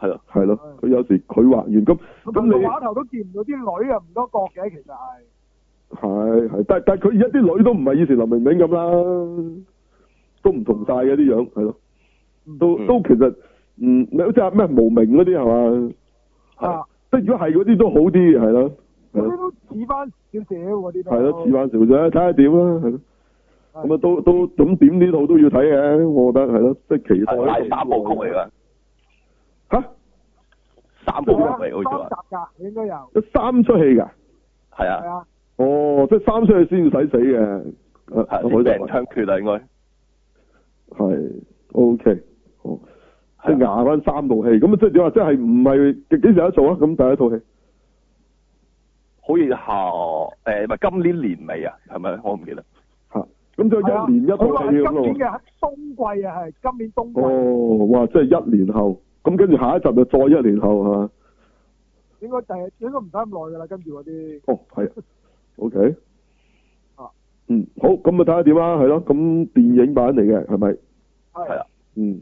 係咯係咯，佢、啊啊啊啊啊啊、有時佢畫完咁咁，你畫頭都見唔到啲女又唔多角嘅，其實係係、啊啊、但但係佢而家啲女都唔係以前林明明咁啦，都唔同晒嘅啲樣，係咯、啊。都、嗯、都其實，你好似阿咩無名嗰啲係嘛，啊，即係如果係嗰啲都好啲，係咯、啊。嗰啲、啊、都似翻少少嗰啲。係咯，似翻少少，睇下點啦，係咯。咁啊，啊，都都總點呢套都要睇嘅，我覺得係咯、啊，即係期待。係大三部曲嚟噶。吓？三部曲嚟好似啊。三集、啊、應該有。三出戲噶，係啊。係啊。哦，即係三出戲先使死嘅、啊，啊，好係命槍決另外。係，OK。哦、即係挨翻三套戲，咁即係你話即係唔係幾時一做啊？咁第一套戲，好以下，誒、呃，唔係今年年尾啊，係咪？我唔記得吓，咁、啊、就一年一套戲，今年嘅冬季啊，係今年冬季、啊。哦，哇！即係一年後，咁跟住下一集就再一年後係嘛、啊？應該第、就係，應該唔使咁耐噶啦。跟住嗰啲。哦，係。OK、啊。嗯，好，咁啊睇下點啊，係咯，咁電影版嚟嘅係咪？係啊。嗯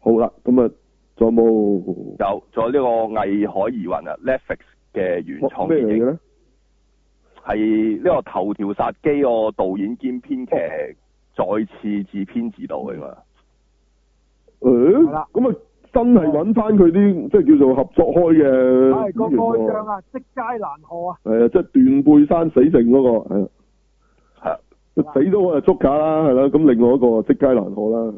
好，好啦，咁啊，仲有冇？有，仲有個呢個藝海疑雲啊，Netflix 嘅原創電影。係呢個頭條殺機個導演兼編劇、啊、再次自編自導佢嘛。誒、嗯、咁、欸、啊，就真係揾翻佢啲即係叫做合作開嘅。係個蓋將啊，即佳難賀啊。係啊，即係斷背山死剩嗰、那個死咗我就捉架啦，係啦，咁另外一個即街難河啦，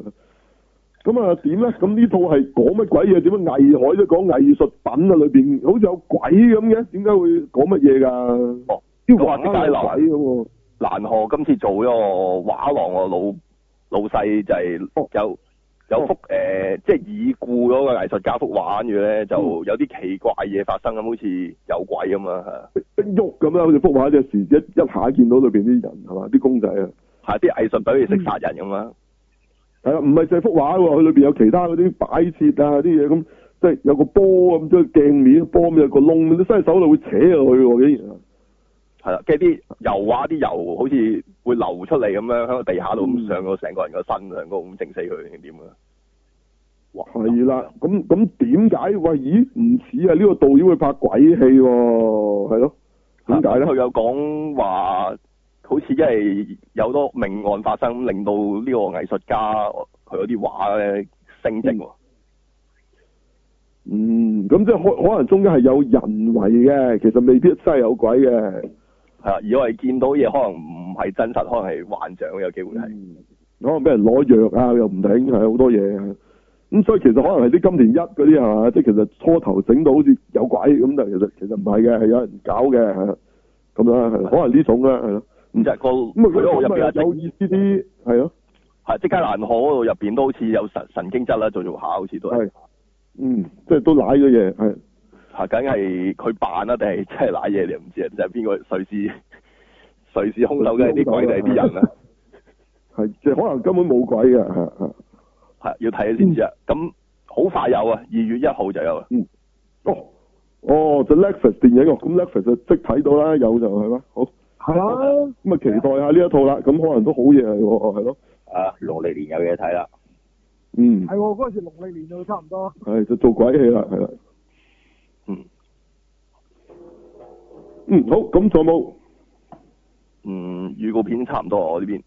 咁啊點咧？咁呢套係講乜鬼嘢？點解藝海都講藝術品啊？裏邊好似有鬼咁嘅，點解會講乜嘢噶？哦，即街難河咁，難河今次做咗個畫廊喎，老老細就係有。哦有幅誒、呃，即係已故嗰個藝術家幅畫，跟住咧，就有啲奇怪嘢發生，咁好似有鬼咁啊！喐咁啊，好似幅畫，有時一一,一下見到裏邊啲人係嘛，啲公仔啊，係啲藝術品識殺人咁啊！係、嗯、啊，唔係淨係幅畫喎，佢裏邊有其他嗰啲擺設啊，啲嘢咁，即係有個波咁，即係鏡面，波面有個窿，啲伸手就會扯入去喎，竟然。嘅啲油畫啲油好似會流出嚟咁樣喺個地下度，上到成個人個身上，咁、嗯、整死佢定點啊？哇，係啦，咁咁點解？喂，咦，唔似啊！呢、呢個導演會拍鬼戲喎、哦，係咯？點解咧？佢有講話，好似因為有多命案發生，令到呢個藝術家佢嗰啲畫咧升值喎。嗯，咁即係可可能中間係有人為嘅，其實未必真係有鬼嘅。係啊，如果哋見到嘢可能唔係真實，可能係幻象，有機會係、嗯，可能俾人攞藥啊，又唔定，係好多嘢。咁所以其實可能係啲金田一嗰啲呀，嘛，即係其實初頭整到好似有鬼，咁但其實其實唔係嘅，係有人搞嘅，咁啦，可能呢種啦，咁就個佢嗰度入邊有意思啲係咯，係即係加蘭河嗰度入面都好似有神神經質啦，做做下好似都係，嗯，即係都瀨咗嘢係。吓，梗係佢扮啦，定係真係攋嘢，你唔知啊？即係邊個瑞士瑞士空手嘅啲鬼定啲人啊？係即係可能根本冇鬼嘅。係係係要睇先知啊！咁、啊、好、嗯、快有啊，二月一號就有、啊。嗯。哦哦，哦，哦 Netflix 電影啊，咁、哦、Netflix、哦嗯、就即睇到啦，有就係嘛，好係啦。咁啊，期待下呢一套啦。咁可能都好嘢係喎，係咯、啊。啊，農曆年有嘢睇啦。嗯。係喎、啊，嗰時農曆年就差唔多。係就做鬼戲啦，係啦、啊。嗯好，咁仲有冇？嗯預告片差唔多，我呢邊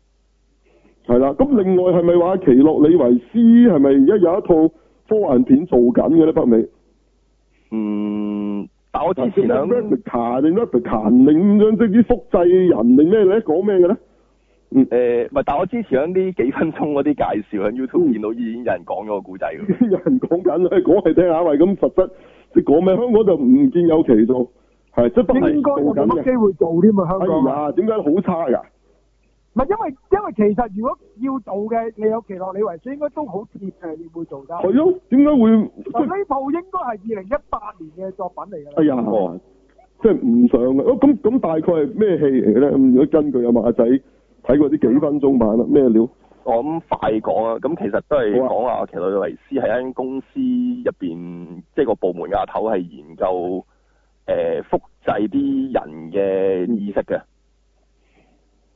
係啦，咁另外係咪話奇洛李維斯係咪而家有一套科幻片做緊嘅咧？北美，嗯，但我之前咧，咩卡定咩卡，你咁樣，甚至複製人定咩咧？講咩嘅咧？嗯，誒，唔係，但我之前喺呢幾分鐘嗰啲介紹喺 YouTube 見到已經有人講咗個故仔嘅，嗯嗯、有人講緊，講 係聽下，係咁實質，即係講咩？香港就唔見有其做。係，即都係冇乜機會做添啊香港。哎呀，點解好差噶？唔係因為因為其實如果要做嘅，你有奇洛李維斯應該都好貼你會做得。係啊，點解會？嗱、就是，呢部應該係二零一八年嘅作品嚟噶啦。哎呀，即係唔上嘅。哦，咁咁大概係咩戲嚟嘅咧？咁如果根據阿馬仔睇過啲幾分鐘版啦，咩料？我諗快講啊！咁其實都係講啊，奇洛李維斯係一間公司入邊，即、就、係、是、個部門阿頭係研究。誒、呃，複製啲人嘅意識嘅。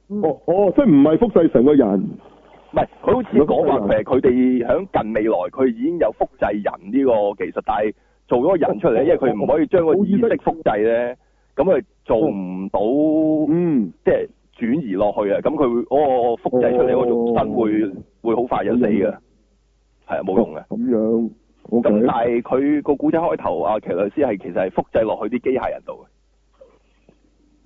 哦哦，即係唔係複製成個人，唔係佢好似講話佢佢哋響近未來，佢已經有複製人呢個技術，但係做咗個人出嚟，哦哦，因為佢唔可以將個意識複製咧，咁、哦、佢、哦嗯，做唔到，嗯，即係轉移落去啊，咁佢會嗰個、哦、複製出嚟嗰種身會、哦、會好快就死㗎。係啊，冇用嘅。咁樣。咁、okay. 但係佢個古仔開頭，阿祁律師係其實係複製落去啲機械人度嘅。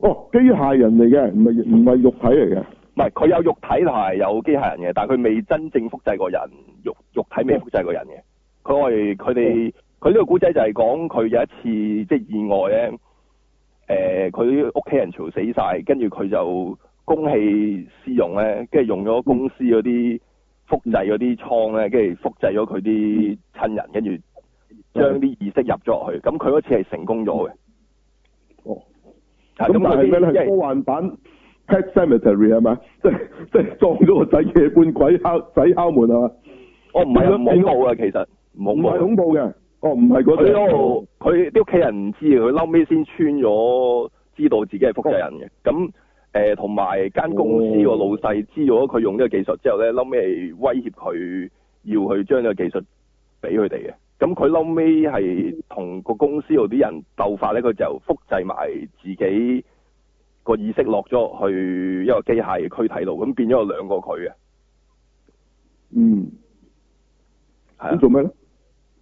哦，機械人嚟嘅，唔係唔係肉體嚟嘅。唔係，佢有肉體同埋有機械人嘅，但係佢未真正複製過人，肉肉體未複製過人嘅。佢我佢哋佢呢個古仔就係講佢有一次即係、就是、意外咧。誒、呃，佢屋企人嘈死晒，跟住佢就公器私用咧，跟住用咗公司嗰啲。嗯複製嗰啲倉咧，跟住複製咗佢啲親人，跟住將啲意識入咗落去。咁佢嗰次係成功咗嘅。哦，咁、嗯、但係咩咧？科幻版《Pet Cemetery》係嘛？即即係撞到個仔夜半鬼敲仔敲門係嘛？哦，唔係唔恐怖㗎，其實唔恐怖。係恐怖嘅。哦、這個，唔係嗰度。佢啲屋企人唔知，佢後尾先穿咗，知道自己係複製人嘅。咁、哦。誒、呃，同埋間公司個老細知咗佢用呢個技術之後咧，嬲尾係威脅佢要去將呢個技術俾佢哋嘅。咁佢嬲尾係同個公司嗰啲人鬥法咧，佢就複製埋自己個意識落咗去一個機械軀體度，咁變咗有兩個佢嘅。嗯，係啊。咁做咩咧？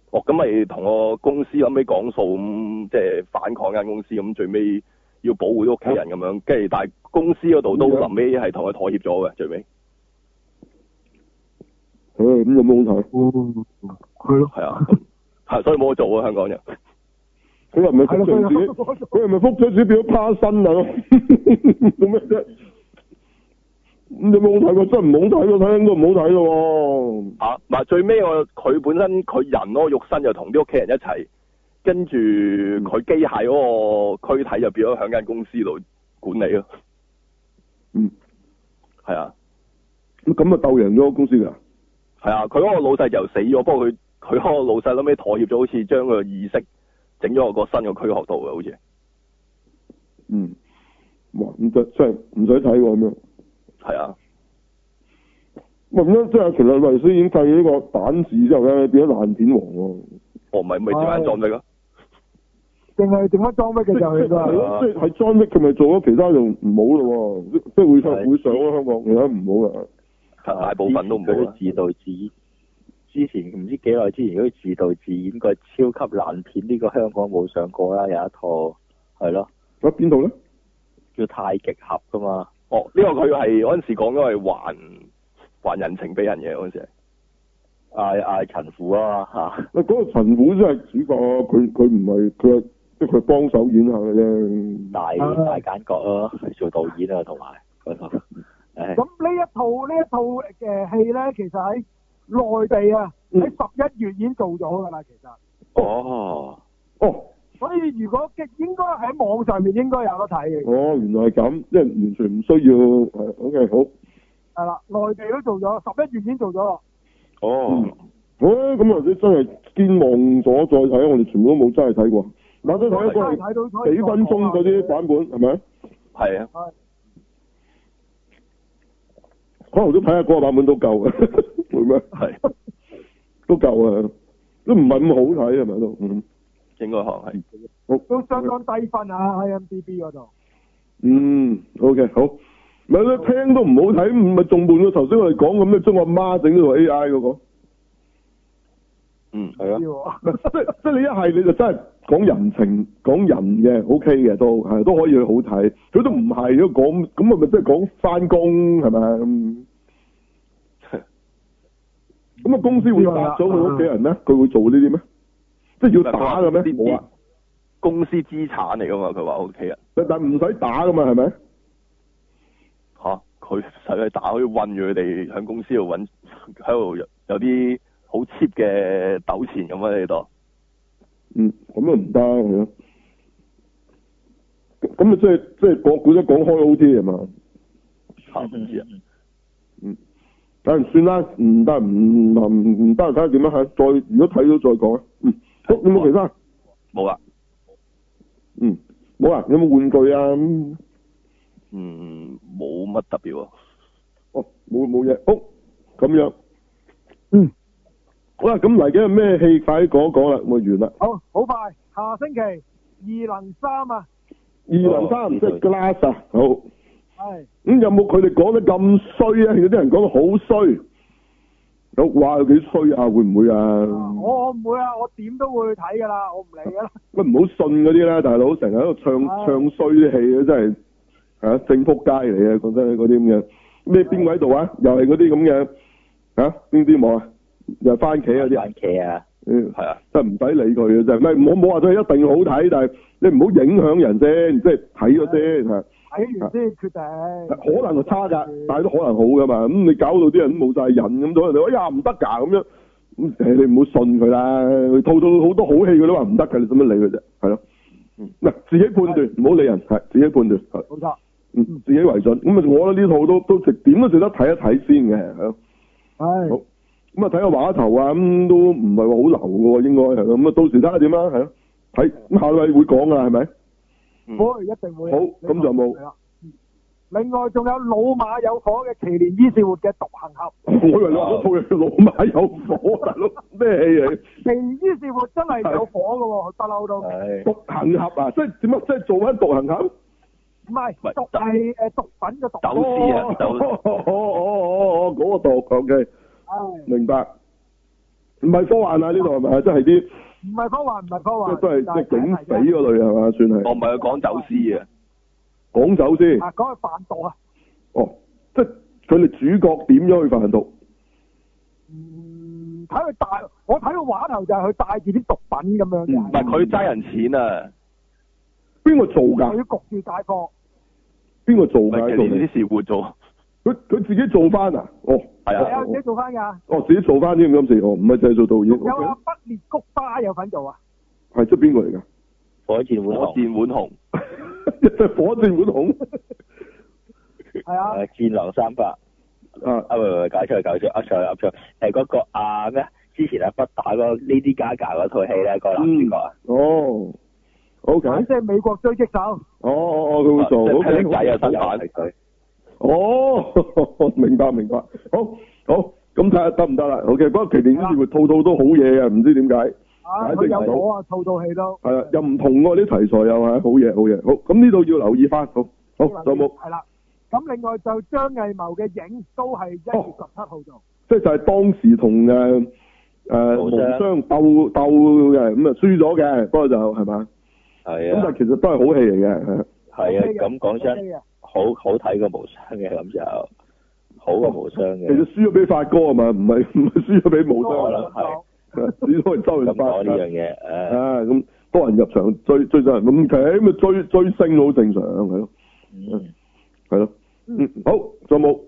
哦，咁咪同個公司嬲尾講數，咁即係反抗間公司，咁最尾。要保護屋企人咁樣，跟、啊、住但係公司嗰度都臨尾係同佢妥協咗嘅最尾。唉，咁有冇好夫，係 咯，係啊，係所以冇得做啊，香港人。佢係咪覆咗紙，佢係咪覆咗紙變咗趴身 啊！做咩啫？咁有冇睇？我真唔好睇，我睇應該唔好睇咯。嚇！嗱，最尾我佢本身佢人攞肉身又同啲屋企人一齊，跟住佢機械嗰個軀體就變咗喺間公司度管理咯，嗯，係啊，咁啊鬥贏咗個公司噶，係、嗯、啊，佢嗰個老細就死咗，不過佢佢嗰個老細後屘妥協咗，好似將個意識整咗個新個軀殼度嘅，好似，嗯，哇，唔使即係唔使睇喎咁樣，係啊，咁樣即係其實黎叔已經繼呢個膽字之後咧，變咗爛片王喎，啊，哦、喔，唔係唔係接翻莊嚟噶。淨係點解裝逼嘅就佢啊？即係裝逼，佢咪做咗其他就唔好咯？即係即係會上會上咯，香港而家唔好啊，啊，大部分都唔好。佢、啊。自導自之前唔知幾耐之前嗰啲自導自演個超級爛片、呢、這個香港冇上過啦，有一套係咯。喺邊度咧？叫太極俠噶嘛？哦、呢、這個佢係嗰陣時講咗係還還人情俾人嘅嗰陣時，嗌嗌陳虎啊吓。嗱、啊、嗰、啊啊啊那個陳虎真係主角、啊，佢佢唔係佢。即係佢幫手演下嘅啫，大大間角啊，係 做導演啊，同埋咁呢一套呢一套嘅戲咧，其實喺內地啊喺十一月已經做咗噶啦，其實。哦。哦。所以如果嘅應該喺網上面應該有得睇嘅。哦，原來係咁，即係完全唔需要、嗯、O、okay, K，好。係啦，內地都做咗，十一月已經做咗。哦。好、嗯，咁或者真係先望咗再睇啊！我哋全部都冇真係睇過。我一個都睇過係幾分鐘嗰啲版本，係咪？係啊。可能都睇下嗰個版本都夠嘅，會 咩是嗎？係， 都夠啊，都唔係咁好睇，係咪都？嗯，應該係。都相當低分啊，IMDb 嗰度。嗯，o、okay, k 好。咪咧聽都唔好睇，唔係仲悶過頭先我哋講咁咧，將我媽整呢個 A I 嗰個。嗯，係啊， 即即你一係你就真係講人情，講人嘅，O K 嘅都係都可以好睇。佢都唔係，如果講咁咪咪即係講翻工係咪？咁啊 公司會打咗佢屋企人咩？佢 會做呢啲咩？即係要打嘅咩？冇、OK、啊！公司資產嚟噶嘛？佢話 OK 啊，但唔使打噶嘛？係咪？吓，佢使咪打？可以困住佢哋喺公司度搵，喺度有啲。好 cheap 嘅糾纏咁樣，喺度嗯，咁啊唔得咁咁啊，即係即係講，講咗講開好啲啊嘛。嗯嗯嗯嗯，算啦，唔得唔唔得，睇下點啦吓。再如果睇到再講啊。嗯，好 嗯嗯看看嗯、哦，有冇其他？冇啦。嗯，冇啦。有冇玩具啊？嗯，冇乜特別、啊。哦，冇冇嘢。哦，咁樣。嗯。好啦咁嚟緊係咩戲？快啲講講啦，咁完啦。好，好快，下星期二零三啊。二零三唔識 glass 啊，好。係。咁，嗯，有冇佢哋講得咁衰啊？有啲人講得好衰，有話有幾衰啊？會唔會，啊啊，會啊？我我唔會啊！我點都會去睇噶啦，我唔理啦。喂，唔好信嗰啲啦，大佬，成日喺度唱唱衰啲戲啊，戲真係係啊，正仆街嚟啊！講真，嗰啲咁嘅咩？邊位度啊？又係嗰啲咁嘅啊？邊啲冇啊？又翻企啊！翻企啊！係、嗯、啊，真係唔使理佢嘅啫，係，係唔好冇話佢一定好睇，但係你唔好影響人先，即係睇咗先，係睇、啊啊、完先決定。啊啊、可能差㗎、啊，但係都可能好噶嘛。咁、嗯、你搞到啲人都冇晒癮咁，咗人哋哎呀唔得噶咁樣，咁、嗯啊、你唔好信佢啦，套到好多好戲佢都話唔得噶，你做乜理佢啫？係咯、啊，嗱、嗯、自己判斷，唔好、啊、理人，係、啊、自己判斷，係冇錯，自己為準。咁啊，我呢套都都值點都值得睇一睇先嘅，係咁啊，睇個話頭啊，咁都唔係話好流嘅，應該係咯。咁啊，到時睇下點啊，係咯。睇咁下位會講噶，係咪？嗯，我一定會好。咁就冇。係啦。另外仲有老馬有火嘅《奇連伊士活》嘅《毒行俠》。我以為你講嘅係《老馬有火》咯，咩嚟？《奇連伊士活》真係有火嘅喎，得嬲到。獨行俠啊，即係點啊？即係做翻獨行俠？唔係，係誒，毒品嘅毒。走私啊，哦哦哦哦，嗰個動作嘅。明白，唔係科幻啊，呢度係咪啊？即係啲唔係科幻，唔係科幻，即係都係即係警匪嗰類係嘛？算係。我唔係講走私啊，講走私。啊，講去販毒啊？哦，即係佢哋主角點樣去販毒？嗯，睇佢帶，我睇個話頭就係佢帶住啲毒品咁樣。唔係佢揸人錢啊？邊個做噶？佢焗住大哥邊個做噶？啲事活，活做。佢佢自己做翻啊？哦，係啊、哦、啊，自己做翻噶？哦，自己做翻添今次，哦，唔係淨係做導演。有啊、OK，北列菊花有份做啊？係出邊個嚟噶？火箭浣熊？火箭浣熊？ 火箭浣滿熊？係 啊。戰狼三百，啊啊唔唔唔，搞錯搞啊，噏啊，噏錯，係嗰個啊咩？之前啊北打嗰 Lady Gaga 嗰套戲咧，個男主角啊？哦，O K，即係美國狙擊手。哦哦哦，佢會做，好靚仔啊，身板。哦，明白明白，好好咁睇下得唔得啦？OK，嗰個麒麟之會套套都好嘢啊，唔知點解，反啊套套戲都係啊又唔同喎啲題材又係好嘢好嘢，好咁呢度要留意翻，好好就冇係啦。咁另外就張藝謀嘅影都係一月十七號做，即、哦、係就係、是、當時同誒誒王雙鬥鬥嘅，咁啊輸咗嘅，不過就係嘛，係啊，咁但其實都係好戲嚟嘅，係啊，係、嗯、啊，咁講真。好好睇過無雙嘅，咁就好過無雙嘅。其實輸咗俾發哥啊嘛，唔係唔係輸咗俾無雙啊，係、嗯。呢個多人揸。唔好呢樣嘢。咁多人入場追追上嚟咁，咁啊追追星好正常，係咯。嗯。係咯。好，仲有冇？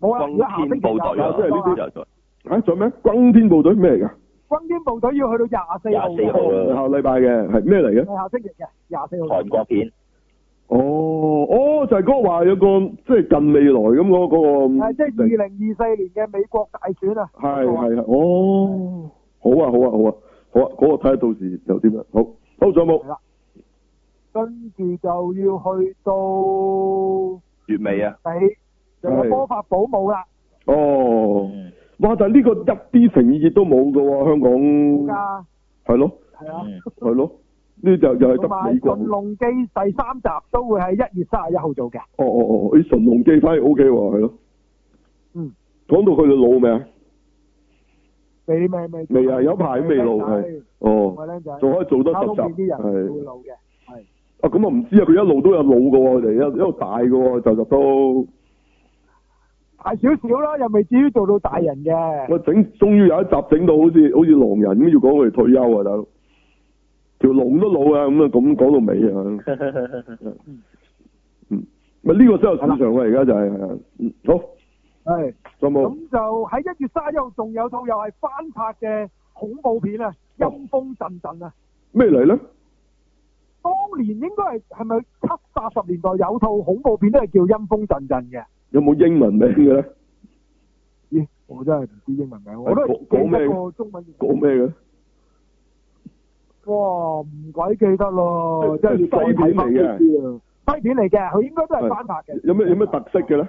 冇啊，天部隊、天部隊要、哦、下星期啊，即係呢啲又再。啊，仲有咩？軍天部隊咩嚟噶？軍天部隊要去到廿四號。廿四號啊。下禮拜嘅係咩嚟嘅？係下星期嘅廿四號。韓國片。哦，哦，就係嗰個話有個即係近未來咁嗰、嗰個，係即係二零二四年嘅美國大選啊，係係係，哦，好啊好啊好啊好啊，嗰個睇下到時就點啦，好，好咗冇，跟住就要去到月尾啊，就係魔法保姆啦，哦，哇，但係呢個一啲誠意都冇噶喎，香港，係咯，係啊，係咯。呢就又係得幾個？同埋《神龍記》第三集都會喺一月卅一號做嘅。哦哦哦，神、哦、龍記》反而 O K 喎，係咯。嗯。講到佢哋老未啊？未未未。未啊！有排都未老係。哦。仲、就是、可以做得十集。係。會老嘅。係。啊咁啊，唔知啊，佢一路都有老噶喎，嚟一一路大噶喎，就實都！ 大少少啦，又未至於做到大人嘅。我整，終於有一集整到好似好似狼人，要講佢哋退休啊，大佬。條龍都老啊，咁啊咁講到尾啊，嗯，咪呢個真係正常啊，而家就係，好，係，就冇。咁就喺一月三十一號仲有套又係翻拍嘅恐怖片啊，陰風陣陣啊。咩嚟咧？當年應該係係咪七八十年代有套恐怖片都係叫陰風陣陣嘅？有冇英文名嘅咧？咦，我真係唔知英文名，我都講咩嘅？中文講咩嘅？哇，唔鬼記得咯，真係啲西片嚟嘅，西片嚟嘅，佢應該都係翻拍嘅。有咩有咩特色嘅咧？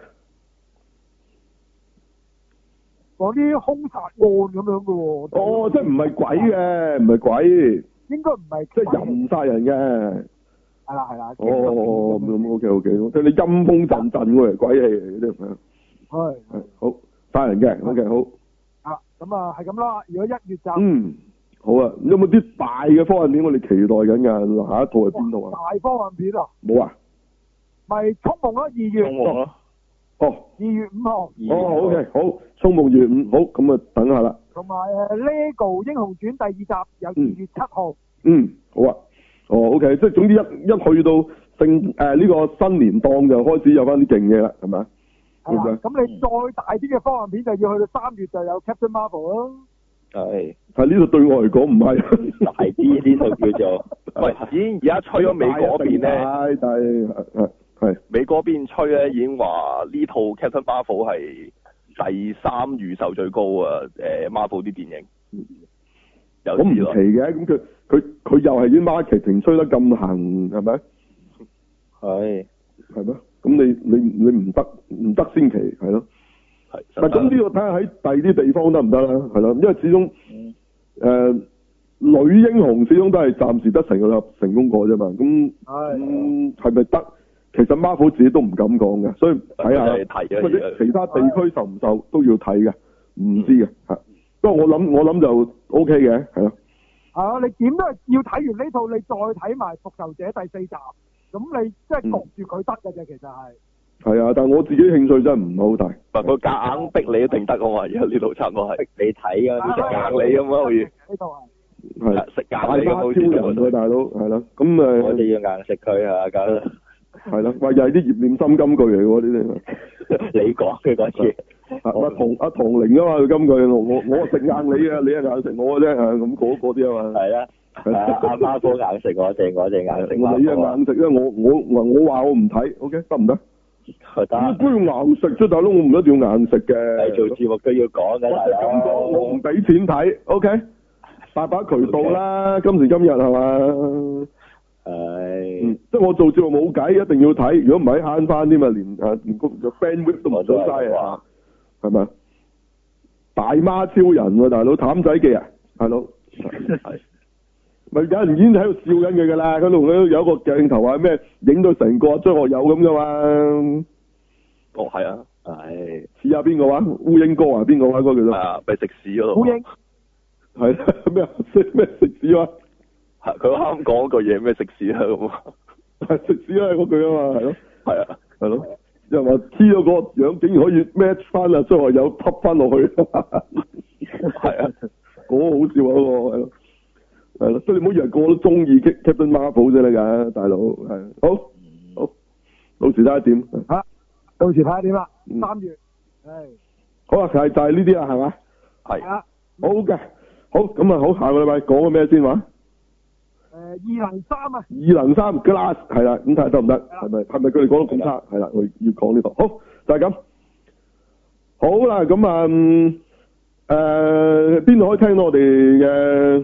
講啲兇殺案咁樣嘅喎。哦，即係唔係鬼嘅，唔係鬼。應該唔係。即係人唔殺人嘅。係啦，係啦。哦哦哦，咁 OK OK，對你陰風陣陣喎，鬼氣嗰啲。係。係。好，翻嚟嘅，OK，好。啊，咁啊，係咁啦。如果一月就。嗯。好啊！有冇啲大嘅科幻片我哋期待緊噶？下一套係邊度啊？大科幻片啊？冇啊？咪《銃夢》啊！二月。銃夢哦。二月五號。哦 ,2 月5哦，OK，好，《銃夢》二月五號，好，咁啊，等下啦。同埋《LEGO 英雄傳》第二集，有二月七號、嗯。嗯，好啊。哦，OK，即係總之一一去到正誒呢、呃這個新年檔就開始有翻啲勁嘅啦，係、嗯、咪啊？係啊。咁你再大啲嘅科幻片就要去到三月就有 Captain Marvel 咯。係，喺呢度對我嚟講唔係大啲先就叫做喂，已經而家吹咗美國嗰邊咧，係係係美國嗰邊吹咧已經話呢套 Captain Marvel 係第三預售最高啊！誒、欸、Marvel 啲電影，咁唔奇嘅，咁佢佢佢又係啲 market 平吹得咁行係咪？係係咩？咁你你你唔得唔得先奇係咯？是吧。咁、嗯、呢個睇下喺第二啲地方得唔得啦，係咯，因為始終，誒、嗯，女、呃呃、英雄始終都係暫時得成啦成功過啫嘛，咁，咁係咪得？其實 Marvel 自己都唔敢講嘅，所以睇下，或者其他地區受唔受都要睇嘅，唔知嘅，吓，不過、嗯、我諗我諗就 OK 嘅，係咯。啊，你點都要睇完呢套，你再睇埋復仇者第四集，咁你即係焗住佢得嘅啫，其實係。嗯係啊，但係我自己興趣真係唔係好大。唔係個夾硬逼你一定得，我話，而家呢套節目係逼你睇噶，食硬你咁啊可以。係食硬你好似超人咁啊，大佬係啦。咁誒，我哋要硬食佢係咪咁？係啦，咪又係啲熱戀心金句嚟嘅喎呢啲。你講嘅嗰次，阿同阿唐玲啊嘛，佢金句我我食硬你啊，你啊硬食我嘅啫啊，咁嗰嗰啲啊嘛。係啦，係啊，阿巴哥硬食我，食我食硬食。我哋要硬食，因為我我我我話我唔睇，OK 得唔得？一般硬食啫，大佬，我唔一定要硬食嘅。你做節目都要講嘅，大佬。我唔俾錢睇、嗯、OK？大把渠道啦、OK，今時今日係嘛？係。即、哎、係、嗯、我做節目冇計，一定要睇，如果唔係慳翻添啊，連啊連個 friend 都埋咗晒，係咪、啊啊？大媽超人，大佬，譚仔記啊，大佬。咪有人已經喺度笑緊佢噶啦，佢同佢有個鏡頭話咩，影到成個張學友咁噶嘛？哦，係啊，係試下邊個話烏蠅哥啊，邊個話嗰個叫做？啊，咪、啊、食屎嗰度烏蠅，係咩咩食屎 啊？係佢啱講嗰句嘢咩食屎啊？咁食屎啊嗰句啊嘛，係咯，係啊，係咯、啊，又話知咗個樣，竟然可以 match 翻啊張學友扱翻落去，係 啊，嗰、那個好笑啊嗰、那個，係咯、啊。係咯，所以你唔好以為個個都中意 Captain Marvel 啫你噶大佬係，好好，到時睇下點吓，到時睇下點啦。三月，係，好啦就係就係呢啲啦係嘛，係，好嘅，好，咁、就、啊、是 OK，好，下個禮拜講個咩先話？誒、啊，二零三啊，二零三 Glass 係啦，咁睇下得唔得？係咪係咪佢哋講到咁差？係啦，我要講呢度，好，就係、是、咁，好啦，咁啊，誒、嗯，邊、呃、度可以聽到我哋嘅？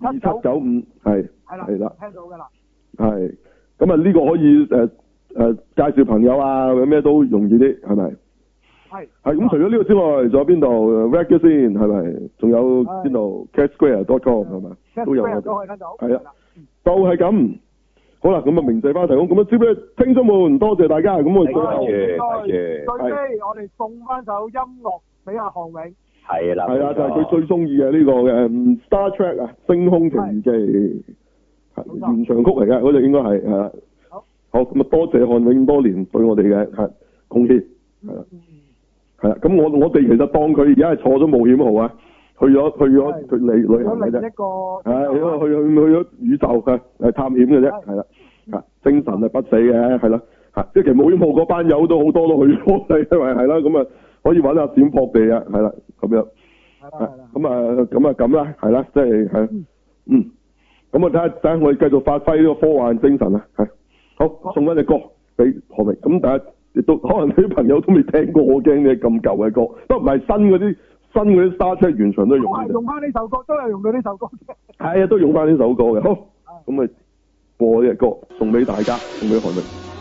二七九五係係啦，係啦聽到嘅啦，係咁啊呢個可以誒誒、呃呃、介紹朋友啊，咩都容易啲係咪？係係咁除咗呢個之外，仲有邊度 Reckless 先係咪？仲有邊度？Cat Square dot com 係咪、啊？都有嘅，係啊，都係咁好啦。咁啊明仔翻提供。咁啊接咧聽眾們多謝大家。咁啊多謝最後最尾我哋送翻首音樂俾阿項永。係啦，係啊，就係、是、佢最中意嘅呢個嘅 Star Trek 啊，星空奇遇記，係原唱曲嚟嘅，嗰隻應該係係啦，好，咁啊，那多謝漢永多年對我哋嘅貢獻，係啦，係啦，咁、嗯、我我哋其實當佢而家係坐咗冒險號啊，去咗去咗去旅旅行啫，一個，係去去去咗宇宙嘅，係探險嘅啫，係啦，吓精神係不死嘅，係啦，吓即係其實冒險號嗰班友都好多都去咗，係咪係啦，咁啊可以搵下閃撲地啊，係啦。咁樣，係啦，咁啊，咁啊，咁啦，係啦，即係，係，嗯，咁啊，睇下，等我哋繼續發揮呢個科幻精神啊，吓，好，送翻隻歌俾何明，咁大家亦都可能啲朋友都未聽過，我驚啲咁舊嘅歌，都唔係新嗰啲，新嗰啲沙車原唱都用，用翻呢首歌，都係用到呢首，首， 首歌，係啊，都用翻呢首歌嘅，好，咁啊，播呢隻歌送俾大家，送俾何明。